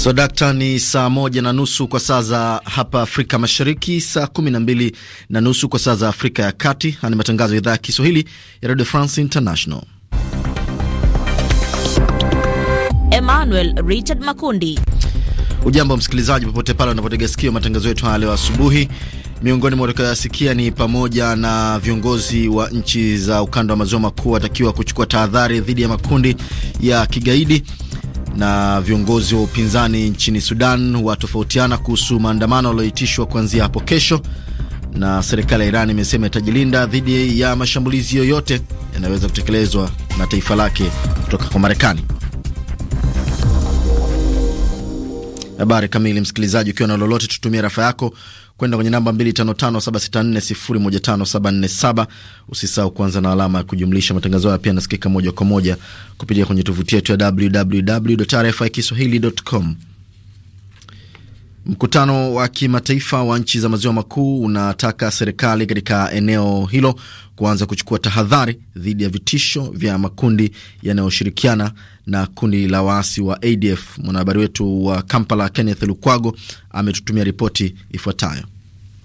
So dakta, ni saa moja na nusu kwa saa za hapa Afrika Mashariki, saa kumi na mbili na nusu kwa saa za Afrika ya Kati. ni matangazo ya idhaa ya Kiswahili ya Radio France International. Emmanuel Richard Makundi. Ujambo msikilizaji, popote pale unapotega sikio matangazo yetu haya leo asubuhi. Miongoni mwa utakayoyasikia ni pamoja na viongozi wa nchi za ukanda wa maziwa makuu watakiwa kuchukua tahadhari dhidi ya makundi ya kigaidi na viongozi wa upinzani nchini Sudan watofautiana kuhusu maandamano yaliyoitishwa kuanzia hapo kesho, na serikali ya Iran imesema itajilinda dhidi ya mashambulizi yoyote yanayoweza kutekelezwa na taifa lake kutoka kwa Marekani. Habari kamili, msikilizaji, ukiwa na lolote, tutumie rafa yako kwenda kwenye namba 255764015747. Usisahau kuanza na alama ya kujumlisha. Matangazo haya pia yanasikika moja kwa moja kupitia kwenye tovuti yetu ya www.rfikiswahili.com. Mkutano wa kimataifa wa nchi za maziwa makuu unataka serikali katika eneo hilo kuanza kuchukua tahadhari dhidi ya vitisho vya makundi yanayoshirikiana na kundi la waasi wa ADF. Mwanahabari wetu wa Kampala, Kenneth Lukwago, ametutumia ripoti ifuatayo.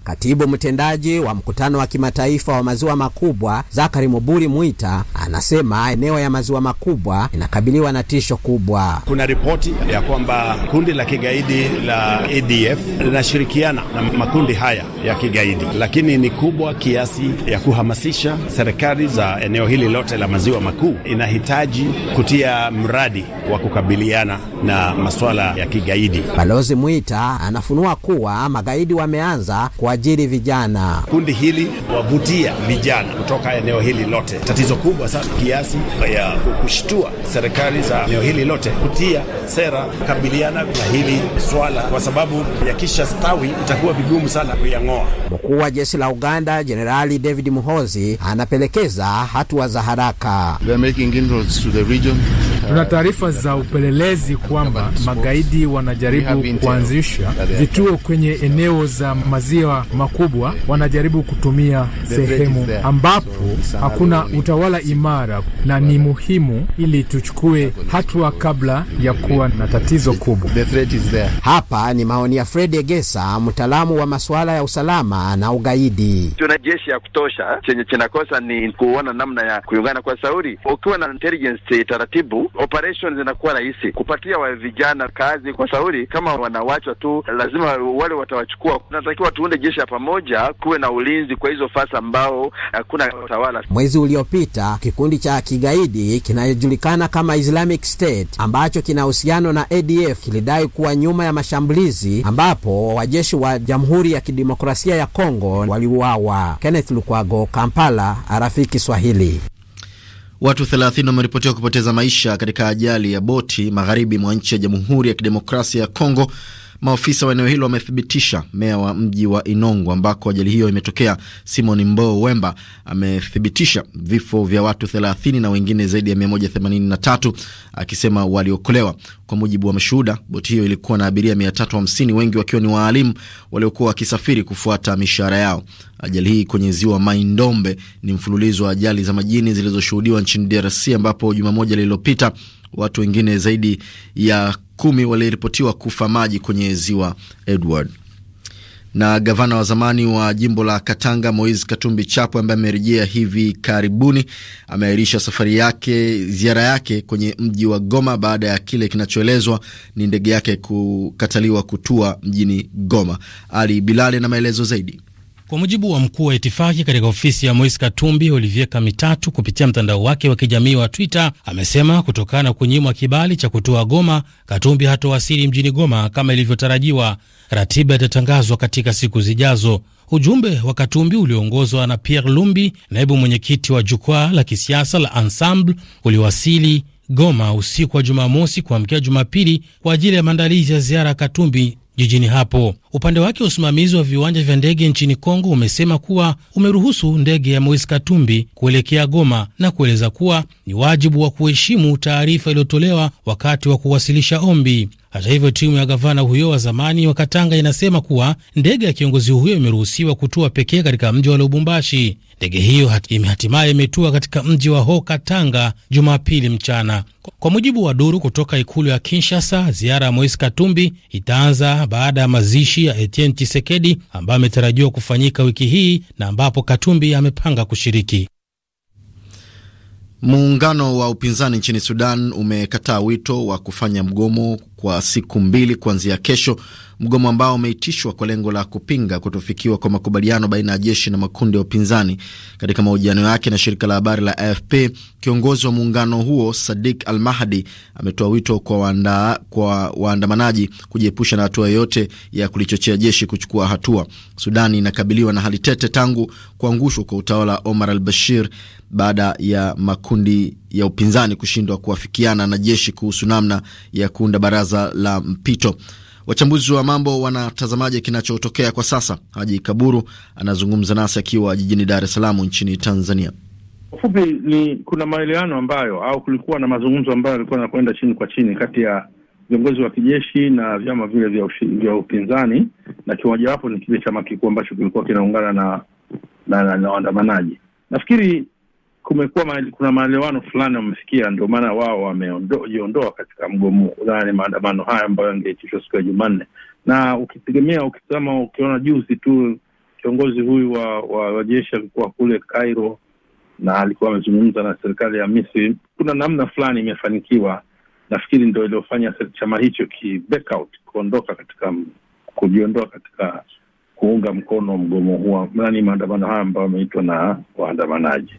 Katibu mtendaji wa mkutano wa kimataifa wa maziwa makubwa Zakari Muburi Mwita anasema eneo ya maziwa makubwa inakabiliwa na tisho kubwa. Kuna ripoti ya kwamba kundi la kigaidi la ADF linashirikiana na makundi haya ya kigaidi, lakini ni kubwa kiasi ya kuhamasisha serikali za eneo hili lote la maziwa makuu inahitaji kutia mradi wa kukabiliana na masuala ya kigaidi. Balozi Mwita anafunua kuwa magaidi wameanza kwa kuajiri vijana. Kundi hili wavutia vijana kutoka eneo hili lote. Tatizo kubwa sana kiasi ya kushtua serikali za eneo hili lote kutia sera kukabiliana na hili swala, kwa sababu yakisha stawi itakuwa vigumu sana kuyang'oa. Mkuu wa jeshi la Uganda Jenerali David Muhozi anapelekeza hatua za haraka. making inroads to the region. Tuna taarifa za upelelezi kwamba magaidi wanajaribu kuanzisha vituo kwenye eneo za maziwa makubwa, wanajaribu kutumia sehemu ambapo hakuna utawala imara, na ni muhimu ili tuchukue hatua kabla ya kuwa na tatizo kubwa. Hapa ni maoni ya Fred Egesa, mtaalamu wa masuala ya usalama na ugaidi. Tuna jeshi ya kutosha, chenye chinakosa ni kuona namna ya kuungana kwa sauri. Ukiwa na intelligence taratibu, operation zinakuwa rahisi kupatia wa vijana kazi, kwa shauri kama wanawachwa tu, lazima wale watawachukua. Tunatakiwa tuunde jeshi ya pamoja, kuwe na ulinzi kwa hizo fasi ambao hakuna utawala. Mwezi uliopita kikundi cha kigaidi kinachojulikana kama Islamic State ambacho kina uhusiano na ADF kilidai kuwa nyuma ya mashambulizi ambapo wajeshi wa Jamhuri ya Kidemokrasia ya Kongo waliuawa. Kenneth Lukwago, Kampala, Arafiki Swahili. Watu 30 wameripotiwa kupoteza maisha katika ajali ya boti magharibi mwa nchi ya Jamhuri ya Kidemokrasia ya Kongo Maofisa wa eneo hilo wamethibitisha. Meya wa mji wa Inongo ambako ajali hiyo imetokea, Simon Mbo Wemba, amethibitisha vifo vya watu 30 na wengine zaidi ya 183 akisema waliokolewa. Kwa mujibu wa mashuhuda, boti hiyo ilikuwa na abiria 350, wengi wakiwa ni waalimu waliokuwa wakisafiri kufuata mishahara yao. Ajali hii kwenye ziwa Maindombe ni mfululizo wa ajali za majini zilizoshuhudiwa nchini DRC ambapo juma moja lililopita watu wengine zaidi ya kumi waliripotiwa kufa maji kwenye ziwa Edward. Na gavana wa zamani wa jimbo la Katanga Moise Katumbi Chapwe ambaye amerejea hivi karibuni ameahirisha safari yake, ziara yake kwenye mji wa Goma baada ya kile kinachoelezwa ni ndege yake kukataliwa kutua mjini Goma. Ali Bilale na maelezo zaidi. Kwa mujibu wa mkuu wa itifaki katika ofisi ya mois Katumbi, Olivier Kamitatu, kupitia mtandao wake wa kijamii wa Twitter, amesema kutokana na kunyimwa kibali cha kutoa Goma, Katumbi hatowasili mjini Goma kama ilivyotarajiwa. Ratiba itatangazwa katika siku zijazo. Ujumbe wa Katumbi ulioongozwa na Pierre Lumbi, naibu mwenyekiti wa jukwaa la kisiasa la Ensemble, uliwasili Goma usiku wa Jumamosi kuamkia Jumapili kwa ajili ya maandalizi ya ziara ya Katumbi jijini hapo. Upande wake usimamizi wa viwanja vya ndege nchini Kongo umesema kuwa umeruhusu ndege ya Moise Katumbi kuelekea Goma na kueleza kuwa ni wajibu wa kuheshimu taarifa iliyotolewa wakati wa kuwasilisha ombi. Hata hivyo, timu ya gavana huyo wa zamani wa Katanga inasema kuwa ndege ya kiongozi huyo imeruhusiwa kutua pekee katika mji wa Lubumbashi. Ndege hiyo hatimaye imetua katika mji wa Ho Katanga Jumapili mchana. Kwa mujibu wa duru kutoka ikulu ya Kinshasa, ziara ya Moise Katumbi itaanza baada ya mazishi ya Etienne Tshisekedi ambayo ametarajiwa kufanyika wiki hii na ambapo Katumbi amepanga kushiriki. Muungano wa upinzani nchini Sudan umekataa wito wa kufanya mgomo kwa siku mbili kuanzia kesho, mgomo ambao umeitishwa kwa lengo la kupinga kutofikiwa kwa makubaliano baina ya jeshi na makundi ya upinzani. Katika mahojiano yake na shirika la habari la AFP, kiongozi wa muungano huo Sadik Al Mahdi ametoa wito kwa wanda, kwa waandamanaji kujiepusha na hatua yoyote ya kulichochea jeshi kuchukua hatua. Sudani inakabiliwa na hali tete tangu kuangushwa kwa utawala Omar Al Bashir baada ya makundi ya upinzani kushindwa kuafikiana na jeshi kuhusu namna ya kuunda baraza baraza la mpito. Wachambuzi wa mambo wanatazamaje kinachotokea kwa sasa? Haji Kaburu anazungumza nasi akiwa jijini Dar es Salaam nchini Tanzania. Fupi ni kuna maelewano ambayo au kulikuwa na mazungumzo ambayo yalikuwa yanakwenda chini kwa chini kati ya viongozi wa kijeshi na vyama vile vya, vya upinzani na kimojawapo ni kile chama kikuu ambacho kilikuwa kinaungana na na waandamanaji. Na, na nafikiri kumekuwa mahali, kuna maelewano fulani wamefikia, ndio maana wao wamejiondoa katika mgomo yani maandamano haya ambayo yangeitishwa siku ya Jumanne, na ukitegemea ukitazama, ukiona juzi tu kiongozi huyu wa, wa, wa jeshi alikuwa kule Cairo na alikuwa amezungumza na serikali ya Misri. Kuna namna fulani imefanikiwa, nafikiri ndo iliyofanya chama hicho ki back out kuondoka katika kujiondoa katika kuunga mkono mgomo huo, nani maandamano haya ambayo ameitwa na waandamanaji.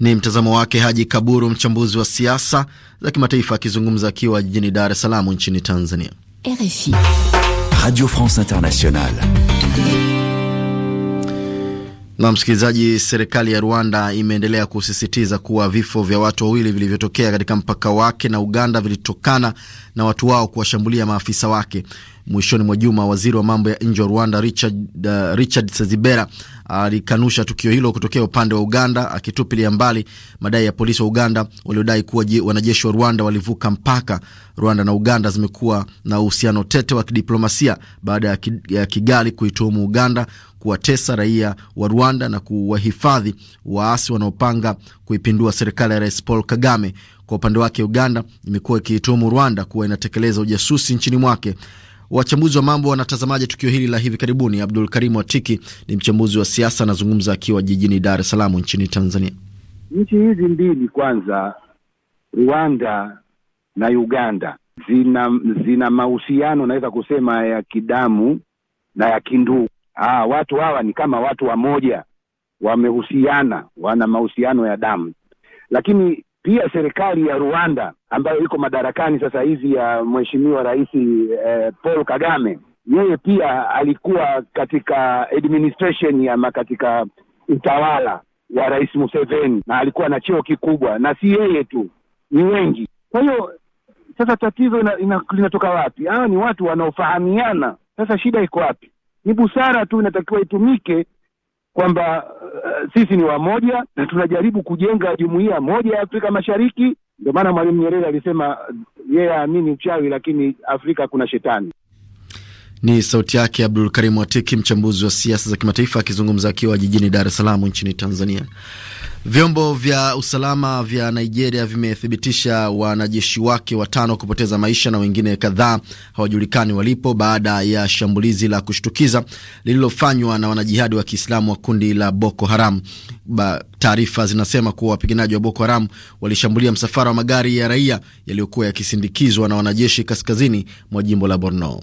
Ni mtazamo wake Haji Kaburu, mchambuzi wa siasa za kimataifa, akizungumza akiwa jijini Dar es Salaam nchini Tanzania. RFI, Radio France Internationale. Na msikilizaji, serikali ya Rwanda imeendelea kusisitiza kuwa vifo vya watu wawili vilivyotokea katika mpaka wake na Uganda vilitokana na watu wao kuwashambulia maafisa wake. Mwishoni mwa juma, waziri wa mambo ya nje wa Rwanda Richard, uh, Richard Sezibera alikanusha tukio hilo kutokea upande wa Uganda, akitupilia mbali madai ya polisi wa Uganda waliodai kuwa wanajeshi wa Rwanda walivuka mpaka. Rwanda na Uganda zimekuwa na uhusiano tete wa kidiplomasia baada ya Kigali kuituhumu Uganda kuwatesa raia wa Rwanda na kuwahifadhi waasi wanaopanga kuipindua serikali ya Rais Paul Kagame. Kwa upande wake, Uganda imekuwa ikiituhumu Rwanda kuwa inatekeleza ujasusi nchini mwake. Wachambuzi wa mambo wanatazamaje tukio hili la hivi karibuni? Abdul Karimu Atiki ni mchambuzi wa siasa, anazungumza akiwa jijini Dar es Salaam nchini Tanzania. Nchi hizi mbili kwanza, Rwanda na Uganda zina zina mahusiano naweza kusema ya kidamu na ya kindugu. Ah, watu hawa ni kama watu wamoja, wamehusiana, wana mahusiano ya damu, lakini pia serikali ya Rwanda ambayo iko madarakani sasa hivi ya mheshimiwa rais eh, Paul Kagame, yeye pia alikuwa katika administration ya katika utawala wa rais Museveni na alikuwa na cheo kikubwa, na si yeye tu, ni wengi. Kwa hiyo sasa tatizo linatoka wapi? Hawa ni watu wanaofahamiana. Sasa shida iko wapi? Ni busara tu inatakiwa itumike kwamba uh, sisi ni wamoja na tunajaribu kujenga jumuiya moja ya Afrika Mashariki. Ndio maana Mwalimu Nyerere alisema yeye yeah, aamini uchawi, lakini Afrika kuna shetani. Ni sauti yake Abdul karimu Watiki, mchambuzi wa siasa za kimataifa, akizungumza akiwa jijini Dar es Salaam nchini Tanzania. Vyombo vya usalama vya Nigeria vimethibitisha wanajeshi wake watano kupoteza maisha na wengine kadhaa hawajulikani walipo baada ya shambulizi la kushtukiza lililofanywa na wanajihadi wa Kiislamu wa kundi la Boko Haram. Taarifa zinasema kuwa wapiganaji wa Boko Haram walishambulia msafara wa magari ya raia yaliyokuwa yakisindikizwa na wanajeshi kaskazini mwa jimbo la Borno.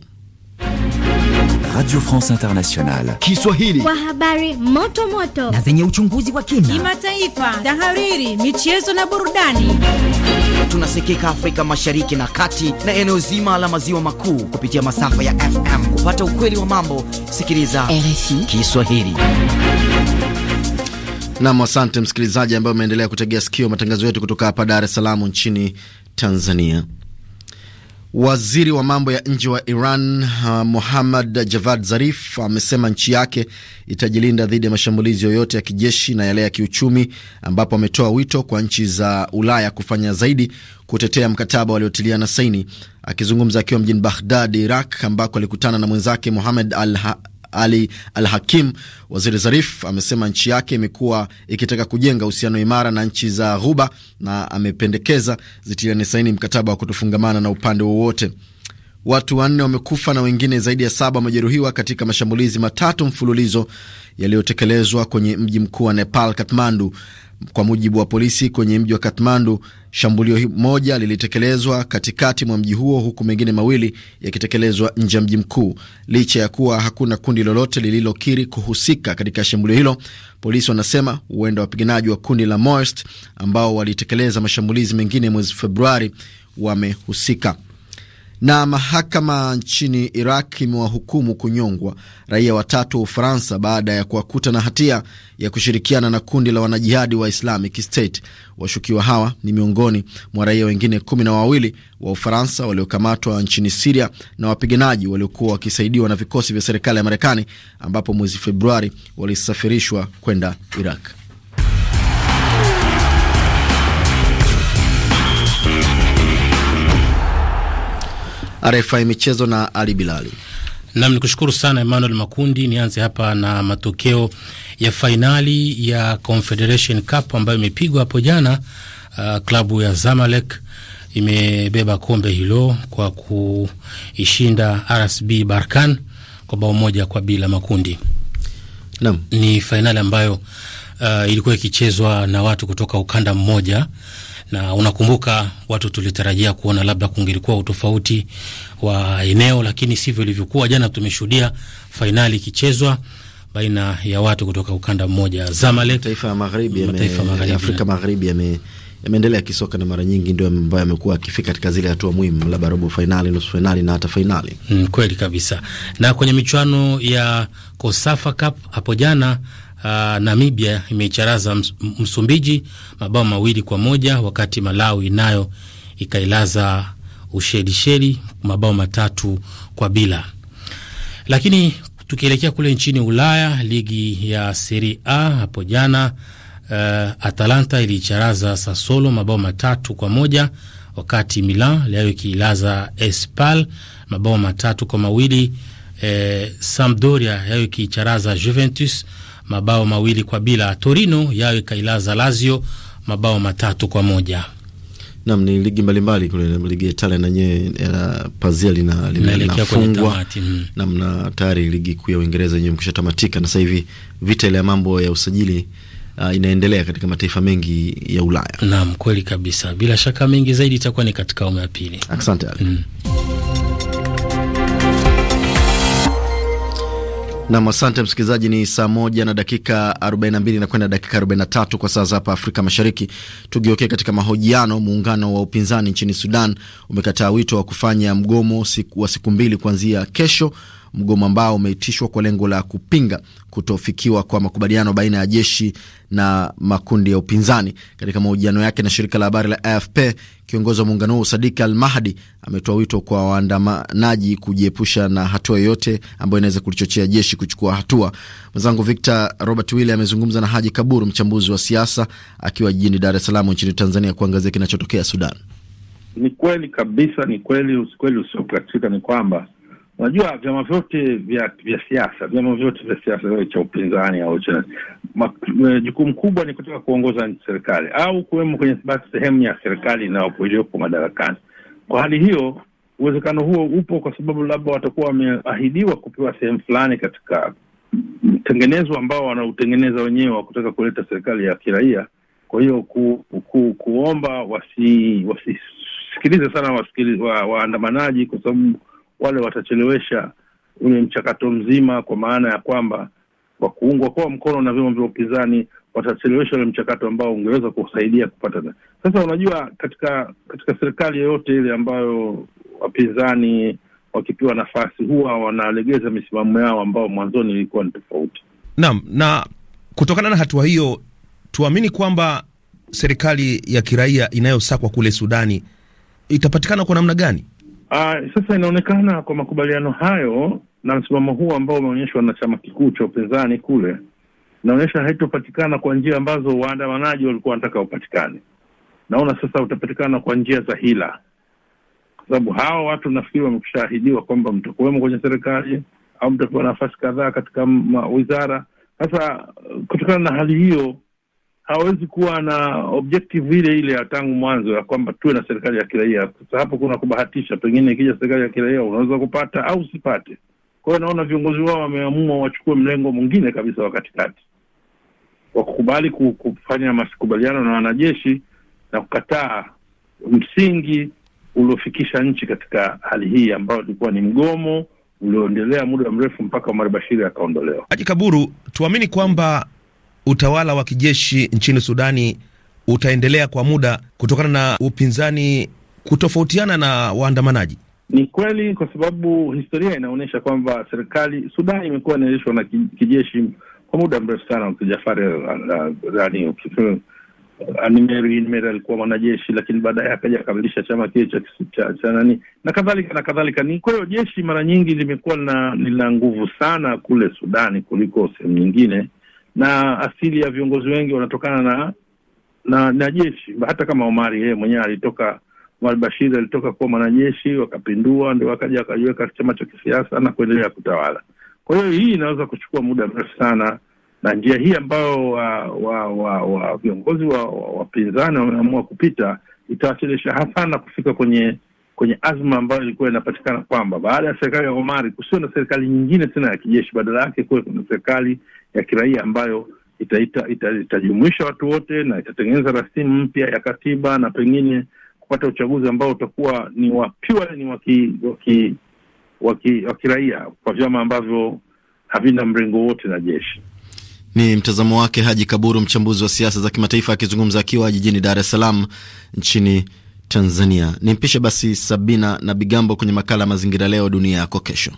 Radio France Internationale Kiswahili kwa habari moto moto na zenye uchunguzi wa kina, kimataifa, tahariri, michezo na burudani. Tunasikika Afrika Mashariki na Kati na eneo zima la maziwa makuu kupitia masafa ya FM. Kupata ukweli wa mambo, sikiliza RFI Kiswahili. Nam, asante msikilizaji ambaye umeendelea kutegea sikio matangazo yetu kutoka hapa Dar es Salaam nchini Tanzania. Waziri wa mambo ya nje wa Iran uh, Muhammad Javad Zarif amesema nchi yake itajilinda dhidi ya mashambulizi yoyote ya kijeshi na yale ya kiuchumi, ambapo ametoa wito kwa nchi za Ulaya kufanya zaidi kutetea mkataba waliotiliana saini. Akizungumza akiwa mjini Baghdad, Iraq, ambako alikutana na mwenzake muhamed Al ali Al Hakim. Waziri Zarif amesema nchi yake imekuwa ikitaka kujenga uhusiano imara na nchi za Ghuba na amependekeza zitiane saini mkataba wa kutofungamana na upande wowote. Watu wanne wamekufa na wengine zaidi ya saba wamejeruhiwa katika mashambulizi matatu mfululizo yaliyotekelezwa kwenye mji mkuu wa Nepal, Kathmandu. Kwa mujibu wa polisi kwenye mji wa Kathmandu, shambulio moja lilitekelezwa katikati mwa mji huo huku mengine mawili yakitekelezwa nje ya mji mkuu. Licha ya kuwa hakuna kundi lolote lililokiri kuhusika katika shambulio hilo, polisi wanasema huenda wapiganaji wa kundi la Maoist ambao walitekeleza mashambulizi mengine mwezi Februari wamehusika. Na mahakama nchini Iraq imewahukumu kunyongwa raia watatu wa Ufaransa baada ya kuwakuta na hatia ya kushirikiana na kundi la wanajihadi wa Islamic State. Washukiwa hawa ni miongoni mwa raia wengine kumi na wawili wa Ufaransa waliokamatwa nchini Siria na wapiganaji waliokuwa wakisaidiwa na vikosi vya serikali ya Marekani, ambapo mwezi Februari walisafirishwa kwenda Iraq. RFI Michezo na Ali Bilali. Nam, kushukuru sana Emmanuel Makundi. Nianze hapa na matokeo ya fainali ya Confederation Cup ambayo imepigwa hapo jana. Uh, klabu ya Zamalek imebeba kombe hilo kwa kuishinda RSB Barkan kwa bao moja kwa bila Makundi. Nam ni fainali ambayo uh, ilikuwa ikichezwa na watu kutoka ukanda mmoja na unakumbuka watu tulitarajia kuona labda kungelikuwa utofauti wa eneo, lakini sivyo ilivyokuwa. Jana tumeshuhudia fainali ikichezwa baina ya watu kutoka ukanda mmoja Zamalek, ya magharibi, Afrika magharibi yame yameendelea kisoka na mara nyingi ndio ambayo amekuwa akifika katika zile hatua muhimu, labda robo fainali, nusu fainali na hata fainali. Mm, kweli kabisa. Na kwenye michuano ya Kosafa Cup hapo jana uh, Namibia imeicharaza Msumbiji mabao mawili kwa moja wakati Malawi nayo ikailaza Ushelisheli mabao matatu kwa bila. Lakini tukielekea kule nchini Ulaya, ligi ya Serie A hapo jana uh, Atalanta iliicharaza Sassuolo mabao matatu kwa moja wakati Milan leo ikiilaza Espal mabao matatu kwa mawili. Eh, Sampdoria leo ikiicharaza Juventus mabao mawili kwa bila. Torino yayo ikailaza Lazio mabao matatu kwa moja. Nam, ni ligi mbalimbali kule, ligi ya Italia nanyewe eh, pazia linafungwa mm. namna tayari. Ligi kuu ya Uingereza yenyewe mkisha tamatika, na sasa hivi vita ile ya mambo ya usajili uh, inaendelea katika mataifa mengi ya Ulaya. Nam, kweli kabisa. Bila shaka mengi zaidi itakuwa ni katika awamu ya pili. Asante. Mm. Nam, asante msikilizaji. Ni saa moja na dakika 42 na kwenda dakika 43 kwa saa za hapa Afrika Mashariki. Tugeokee katika mahojiano. Muungano wa upinzani nchini Sudan umekataa wito wa kufanya mgomo siku wa siku mbili kuanzia kesho mgomo ambao umeitishwa kwa lengo la kupinga kutofikiwa kwa makubaliano baina ya jeshi na makundi ya upinzani. Katika mahojiano yake na shirika la habari la AFP, kiongozi wa muungano huo Sadik Al Mahdi ametoa wito kwa waandamanaji kujiepusha na hatua yoyote ambayo inaweza kulichochea jeshi kuchukua hatua. Mwenzangu Victor Robert Wille amezungumza na Haji Kaburu, mchambuzi wa siasa, akiwa jijini Dar es Salaam nchini Tanzania, kuangazia kinachotokea Sudan. Ni kweli kabisa, ni kweli, usikweli usiokatika ni kwamba Unajua vyama vyote vya vya siasa, vyama vyote vya siasa eh, cha upinzani au cha eh, jukumu kubwa ni kutaka kuongoza serikali au kuwemo kwenye sehemu ya serikali iliyopo madarakani. Kwa hali hiyo, uwezekano huo upo kwa sababu labda watakuwa wameahidiwa kupewa sehemu fulani katika mtengenezo ambao wanautengeneza wenyewe wa kutaka kuleta serikali ya kiraia. Kwa hiyo ku, ku, kuomba wasi- wasisikilize sana wasikili, wa, waandamanaji kwa sababu wale watachelewesha ule mchakato mzima, kwa maana ya kwamba kwa kuungwa kwa mkono na vyombo vya upinzani watachelewesha ule mchakato ambao ungeweza kusaidia kupata. Sasa unajua, katika katika serikali yoyote ile ambayo wapinzani wakipewa nafasi huwa wanalegeza misimamo yao ambao mwanzoni ilikuwa ni tofauti. Naam, na kutokana na hatua hiyo tuamini kwamba serikali ya kiraia inayosakwa kule Sudani itapatikana kwa namna gani? Uh, sasa inaonekana kwa makubaliano hayo na msimamo huu ambao umeonyeshwa na chama kikuu cha upinzani kule, inaonyesha haitopatikana kwa njia ambazo waandamanaji walikuwa wanataka upatikane. Naona sasa utapatikana kwa njia za hila, kwa sababu hawa watu nafikiri wamekushaahidiwa kwamba mtakuwemo kwenye serikali au mtakuwa nafasi kadhaa katika wizara. Sasa kutokana na hali hiyo hawezi kuwa na objective ile ile ya tangu mwanzo ya kwamba tuwe na serikali ya kiraia. Sasa hapo kuna kubahatisha, pengine ikija serikali ya kiraia unaweza kupata au usipate. Kwa hiyo naona viongozi wao wameamua wachukue mlengo mwingine kabisa wa katikati wa kukubali kufanya makubaliano na wanajeshi na kukataa msingi uliofikisha nchi katika hali hii ambayo ilikuwa ni mgomo ulioendelea muda mrefu mpaka Omar Bashiri akaondolewa. Haji Kaburu, tuamini kwamba utawala wa kijeshi nchini Sudani utaendelea kwa muda kutokana na upinzani kutofautiana na waandamanaji? Ni kweli, kwa sababu historia inaonyesha kwamba serikali Sudani imekuwa inaendeshwa na kijeshi kwa muda mrefu sana. Jafari eh, eh, eh, alikuwa mwanajeshi, lakini baadaye akaja akamilisha chama kile cha cha nani na kadhalika na kadhalika. Ni kwa hiyo jeshi mara nyingi limekuwa lina nguvu sana kule Sudani kuliko sehemu nyingine na asili ya viongozi wengi wanatokana na na na jeshi. Hata kama Omari yeye mwenyewe alitoka, Omar Bashir alitoka kuwa mwanajeshi, wakapindua, ndio wakaja wakaiweka chama cha kisiasa na kuendelea kutawala. Kwa hiyo hii inaweza kuchukua muda mrefu sana, na njia hii ambayo wa, wa, wa, wa viongozi wa wapinzani wameamua kupita itawachelesha hasa na kufika kwenye kwenye azma ambayo ilikuwa inapatikana kwamba baada ya serikali ya Omari kusiwe na serikali nyingine tena ya kijeshi, badala yake kuwe kuna serikali ya kiraia ambayo itajumuisha ita, ita, ita watu wote na itatengeneza rasimu mpya ya katiba na pengine kupata uchaguzi ambao utakuwa ni wa pure ni wa kiraia kwa vyama ambavyo havina mrengo wote na jeshi. Ni mtazamo wake Haji Kaburu, mchambuzi wa siasa za kimataifa akizungumza akiwa jijini Dar es Salaam nchini Tanzania. Nimpishe basi Sabina na Bigambo kwenye makala ya mazingira leo dunia yako kesho.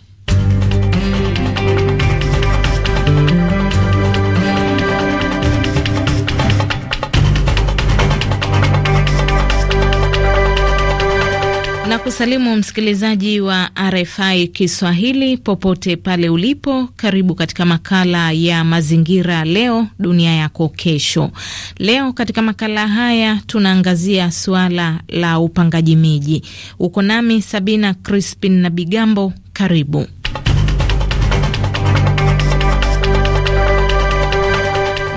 kusalimu msikilizaji wa RFI Kiswahili popote pale ulipo. Karibu katika makala ya mazingira, leo dunia yako kesho. Leo katika makala haya tunaangazia suala la upangaji miji. Uko nami Sabina Crispin na Bigambo, karibu.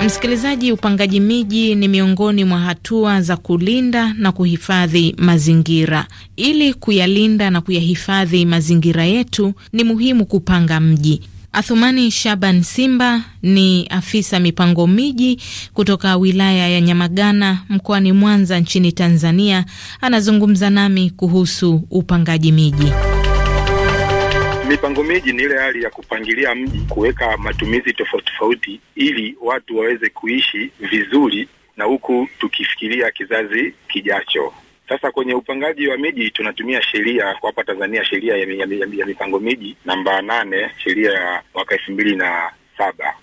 Msikilizaji, upangaji miji ni miongoni mwa hatua za kulinda na kuhifadhi mazingira. Ili kuyalinda na kuyahifadhi mazingira yetu, ni muhimu kupanga mji. Athumani Shaban Simba ni afisa mipango miji kutoka wilaya ya Nyamagana mkoani Mwanza nchini Tanzania. Anazungumza nami kuhusu upangaji miji. Mipango miji ni ile hali ya kupangilia mji, kuweka matumizi tofauti tofauti, ili watu waweze kuishi vizuri, na huku tukifikiria kizazi kijacho. Sasa kwenye upangaji wa miji tunatumia sheria kwa hapa Tanzania, sheria ya, ya, ya, ya mipango miji namba nane, sheria ya mwaka elfu mbili na saba.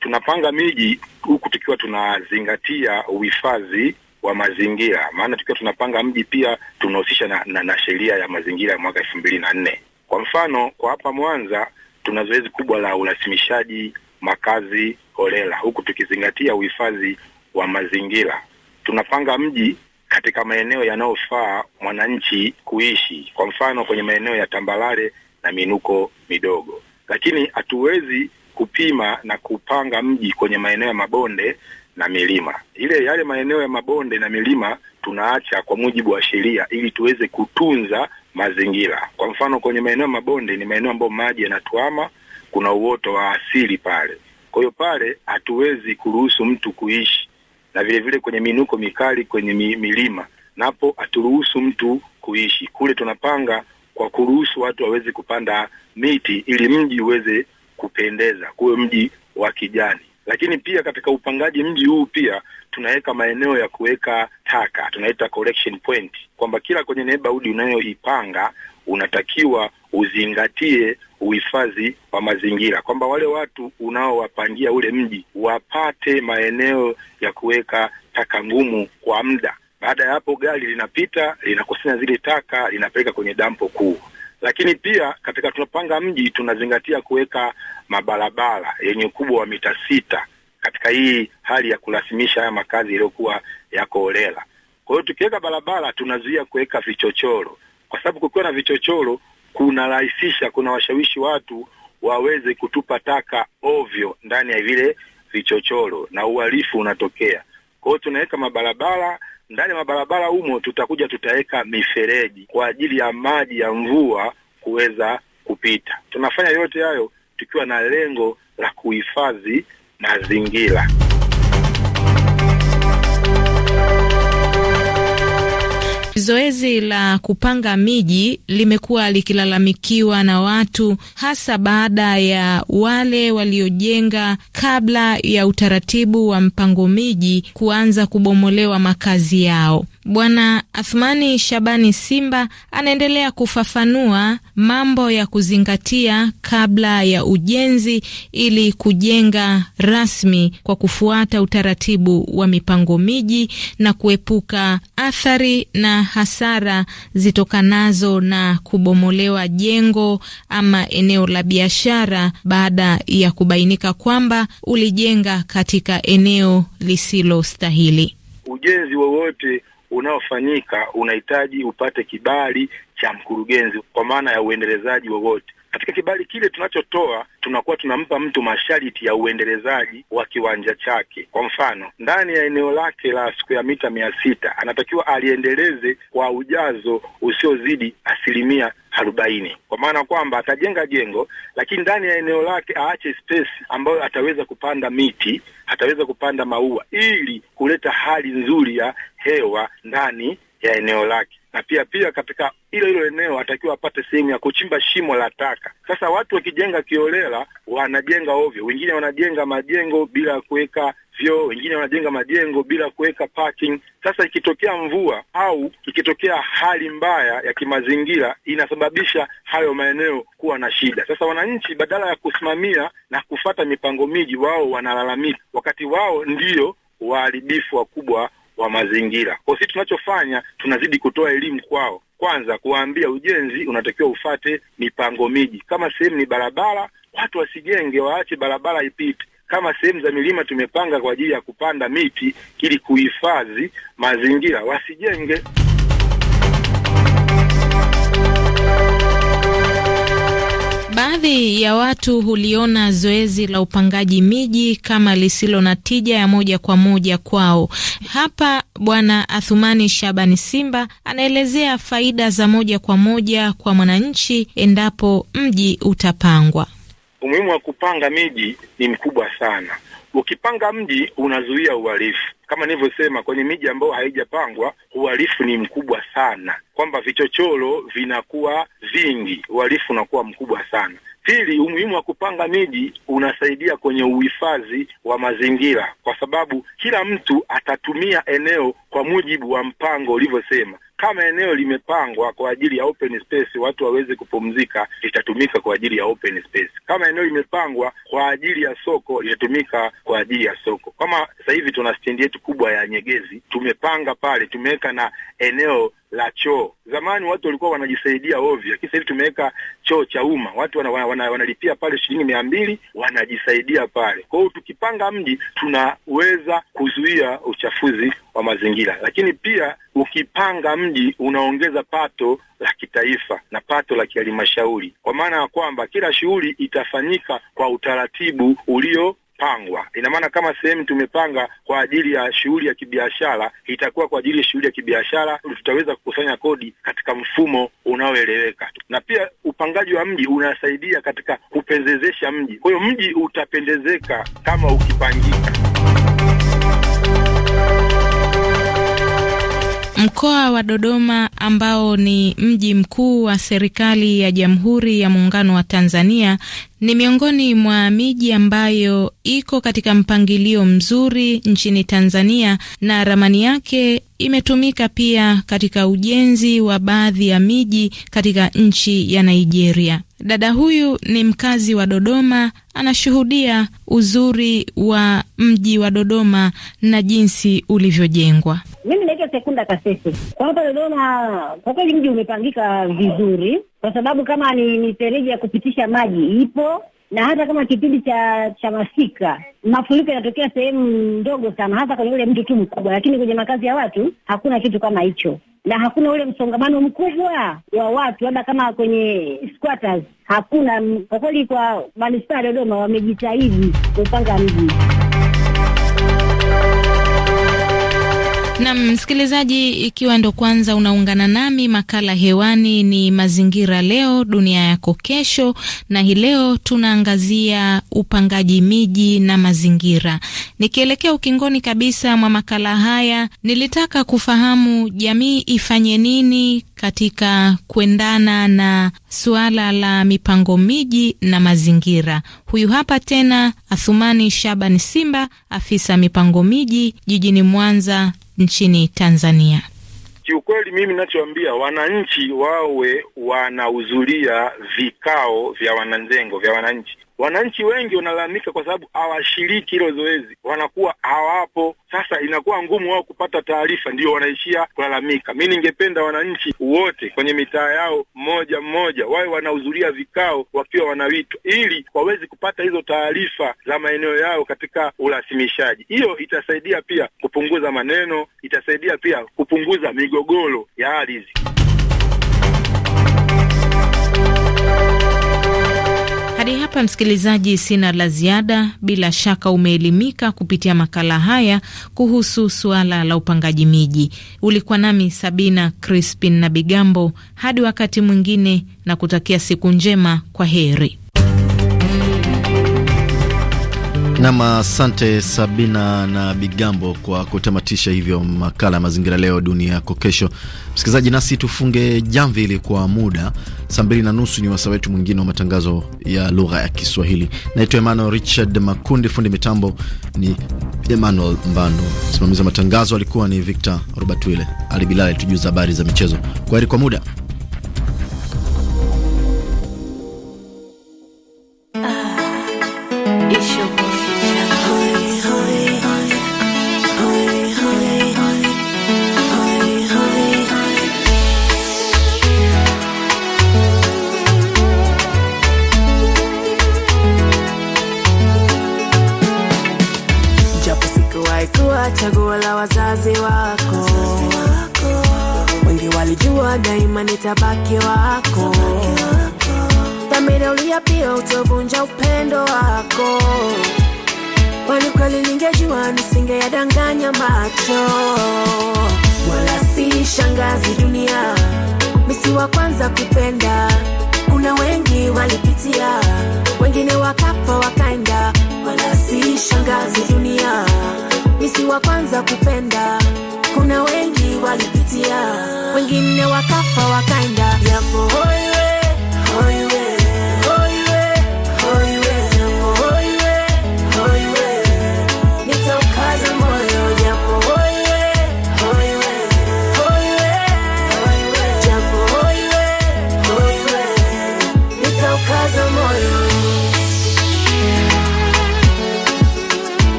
Tunapanga miji huku tukiwa tunazingatia uhifadhi wa mazingira, maana tukiwa tunapanga mji pia tunahusisha na, na, na sheria ya mazingira ya mwaka elfu mbili na nne. Kwa mfano, kwa hapa Mwanza tuna zoezi kubwa la urasimishaji makazi holela, huku tukizingatia uhifadhi wa mazingira. Tunapanga mji katika maeneo yanayofaa mwananchi kuishi, kwa mfano kwenye maeneo ya tambalale na minuko midogo, lakini hatuwezi kupima na kupanga mji kwenye maeneo ya mabonde na milima. Ile yale maeneo ya mabonde na milima tunaacha kwa mujibu wa sheria, ili tuweze kutunza mazingira. Kwa mfano, kwenye maeneo ya mabonde ni maeneo ambayo maji yanatuama, kuna uoto wa asili pale. Kwa hiyo pale hatuwezi kuruhusu mtu kuishi, na vile vile kwenye minuko mikali kwenye mi, milima napo haturuhusu mtu kuishi kule. Tunapanga kwa kuruhusu watu waweze kupanda miti ili mji uweze kupendeza, kuwe mji wa kijani lakini pia katika upangaji mji huu pia tunaweka maeneo ya kuweka taka, tunaita collection point, kwamba kila kwenye nebaudi unayoipanga unatakiwa uzingatie uhifadhi wa mazingira, kwamba wale watu unaowapangia ule mji wapate maeneo ya kuweka taka ngumu kwa muda. Baada ya hapo, gari linapita linakusanya zile taka linapeleka kwenye dampo kuu. Lakini pia katika tunapanga mji tunazingatia kuweka mabarabara yenye ukubwa wa mita sita katika hii hali ya kurasimisha haya makazi yaliyokuwa yako olela Kwa hiyo tukiweka barabara tunazuia kuweka vichochoro, kwa sababu kukiwa na vichochoro kunarahisisha, kuna washawishi watu waweze kutupa taka ovyo ndani ya vile vichochoro na uhalifu unatokea. Kwa hiyo tunaweka mabarabara ndani ya mabarabara humo tutakuja tutaweka mifereji kwa ajili ya maji ya mvua kuweza kupita. Tunafanya yote hayo tukiwa na lengo la kuhifadhi mazingira. Zoezi la kupanga miji limekuwa likilalamikiwa na watu hasa baada ya wale waliojenga kabla ya utaratibu wa mpango miji kuanza kubomolewa makazi yao. Bwana Athmani Shabani Simba anaendelea kufafanua mambo ya kuzingatia kabla ya ujenzi ili kujenga rasmi kwa kufuata utaratibu wa mipango miji na kuepuka athari na hasara zitokanazo na kubomolewa jengo ama eneo la biashara baada ya kubainika kwamba ulijenga katika eneo lisilostahili. Ujenzi wowote unaofanyika unahitaji upate kibali cha mkurugenzi kwa maana ya uendelezaji wowote. Katika kibali kile tunachotoa, tunakuwa tunampa mtu masharti ya uendelezaji wa kiwanja chake. Kwa mfano, ndani ya eneo lake la siku ya mita mia sita anatakiwa aliendeleze kwa ujazo usiozidi asilimia arobaini kwa maana kwamba atajenga jengo lakini ndani ya eneo lake aache space ambayo ataweza kupanda miti, ataweza kupanda maua ili kuleta hali nzuri ya hewa ndani ya eneo lake na pia pia katika hilo hilo eneo atakiwa apate sehemu ya kuchimba shimo la taka. Sasa watu wakijenga kiolela, wanajenga ovyo, wengine wanajenga majengo bila kuweka vyoo, wengine wanajenga majengo bila kuweka parking. Sasa ikitokea mvua au ikitokea hali mbaya ya kimazingira, inasababisha hayo maeneo kuwa na shida. Sasa wananchi badala ya kusimamia na kufata mipango miji, wao wanalalamika, wakati wao ndio waharibifu wakubwa wa mazingira. Kwa sisi tunachofanya, tunazidi kutoa elimu kwao, kwanza kuwaambia ujenzi unatakiwa ufate mipango miji. Kama sehemu ni barabara, watu wasijenge, waache barabara ipite kama sehemu za milima tumepanga kwa ajili ya kupanda miti ili kuhifadhi mazingira, wasijenge. Baadhi ya watu huliona zoezi la upangaji miji kama lisilo na tija ya moja kwa moja kwao. Hapa Bwana Athumani Shabani Simba anaelezea faida za moja kwa moja kwa mwananchi endapo mji utapangwa. Umuhimu wa kupanga miji ni mkubwa sana, Ukipanga mji unazuia uhalifu. Kama nilivyosema, kwenye miji ambayo haijapangwa uhalifu ni mkubwa sana, kwamba vichochoro vinakuwa vingi, uhalifu unakuwa mkubwa sana. Pili, umuhimu wa kupanga miji unasaidia kwenye uhifadhi wa mazingira, kwa sababu kila mtu atatumia eneo kwa mujibu wa mpango ulivyosema kama eneo limepangwa kwa ajili ya open space, watu waweze kupumzika, litatumika kwa ajili ya open space. Kama eneo limepangwa kwa ajili ya soko, litatumika kwa ajili ya soko. Kama sasa hivi tuna stendi yetu kubwa ya Nyegezi, tumepanga pale, tumeweka na eneo la choo. Zamani watu walikuwa wanajisaidia ovyo, lakini sasa tumeweka choo cha umma, watu wanalipia wana, wana, wana pale shilingi mia mbili wanajisaidia pale. Kwa hiyo tukipanga mji tunaweza kuzuia uchafuzi wa mazingira, lakini pia ukipanga mji unaongeza pato la kitaifa na pato la kihalmashauri, kwa maana ya kwamba kila shughuli itafanyika kwa utaratibu ulio kupangwa. Ina maana kama sehemu tumepanga kwa ajili ya shughuli ya kibiashara, itakuwa kwa ajili ya shughuli ya kibiashara, tutaweza kukusanya kodi katika mfumo unaoeleweka. Na pia upangaji wa mji unasaidia katika kupendezesha mji, kwa hiyo mji utapendezeka kama ukipangika. Mkoa wa Dodoma ambao ni mji mkuu wa serikali ya Jamhuri ya Muungano wa Tanzania ni miongoni mwa miji ambayo iko katika mpangilio mzuri nchini Tanzania na ramani yake imetumika pia katika ujenzi wa baadhi ya miji katika nchi ya Nigeria. Dada huyu ni mkazi wa Dodoma, anashuhudia uzuri wa mji wa Dodoma na jinsi ulivyojengwa. Mimi naitwa Sekunda Kasese. Kwa hapa Dodoma, kwa kweli mji umepangika vizuri, kwa sababu kama ni mifereji ya kupitisha maji ipo na hata kama kipindi cha cha masika mafuriko yanatokea sehemu ndogo sana, hasa kwenye ule mtu tu mkubwa, lakini kwenye makazi ya watu hakuna kitu kama hicho, na hakuna ule msongamano mkubwa wa watu, labda kama kwenye squatters hakuna. Kwa kweli, kwa manispaa ya Dodoma wamejitahidi kupanga mji. Na msikilizaji, ikiwa ndo kwanza unaungana nami, makala hewani ni Mazingira Leo Dunia Yako Kesho, na hii leo tunaangazia upangaji miji na mazingira. Nikielekea ukingoni kabisa mwa makala haya, nilitaka kufahamu jamii ifanye nini katika kuendana na suala la mipango miji na mazingira. Huyu hapa tena Athumani Shaban Simba, afisa mipango miji jijini Mwanza nchini Tanzania? Kiukweli mimi nachoambia wananchi wawe wanahudhuria vikao vya wananzengo vya wananchi, Wananchi wengi wanalalamika kwa sababu hawashiriki hilo zoezi, wanakuwa hawapo. Sasa inakuwa ngumu wao kupata taarifa, ndio wanaishia kulalamika. Mi ningependa wananchi wote kwenye mitaa yao mmoja mmoja wawe wanahudhuria vikao wakiwa wanawitwa, ili waweze kupata hizo taarifa za maeneo yao katika urasimishaji. Hiyo itasaidia pia kupunguza maneno, itasaidia pia kupunguza migogoro ya ardhi. Hadi hapa msikilizaji, sina la ziada. Bila shaka umeelimika kupitia makala haya kuhusu suala la upangaji miji. Ulikuwa nami Sabina Crispin na Bigambo. Hadi wakati mwingine, na kutakia siku njema. Kwa heri. Nam, asante Sabina na Bigambo kwa kutamatisha hivyo makala ya mazingira leo dunia yako kesho. Msikilizaji, nasi tufunge jamvi ili kwa muda saa mbili na nusu ni wasaa wetu mwingine wa matangazo ya lugha ya Kiswahili. Naitwa Emmanuel Richard Makundi, fundi mitambo ni Emmanuel Mbando, msimamizi wa matangazo alikuwa ni Victor Robert Wille. Ali tujuza habari za michezo. heri kwa muda. Alijua daima nitabaki wako, dhamira pia utovunja upendo wako. Kweli kweli, ningejua nisingeyadanganya macho, wala si shangazi dunia, misi wa kwanza kupenda. Kuna wengi walipitia, wengine wakafa wakaenda, wala si shangazi dunia misi wa kwanza kupenda, kuna wengi walipitia, wengine wakafa wakaenda, yapo hoiwe hoiwe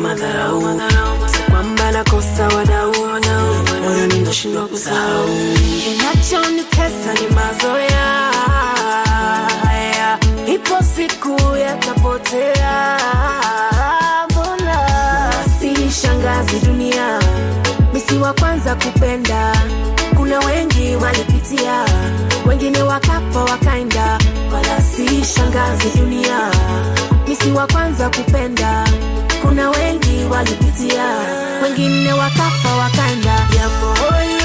madharau, kwamba nakosa wadau, moyo ninashindwa kusahau, kinachonitesa ni mazoea, ipo siku yatapotea. Mbona si shangazi, dunia misi wa kwanza kupenda, kuna wengi walipitia, wengine wakafa wakaenda, wala si shangazi, dunia misi wa kwanza kupenda kuna wengi walipitia, wengine wakafa wakanda yamoyo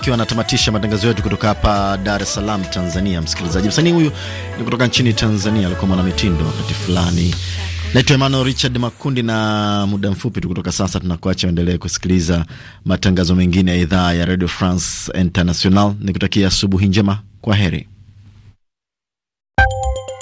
akiwa anatamatisha matangazo yetu kutoka hapa Dar es Salaam, Tanzania. Msikilizaji, msanii huyu ni kutoka nchini Tanzania, alikuwa mwanamitindo wakati fulani. Naitwa Emmanuel Richard Makundi, na muda mfupi tu kutoka sasa tunakuacha uendelee kusikiliza matangazo mengine ya idhaa ya Radio France International, nikutakia asubuhi njema. Kwa heri.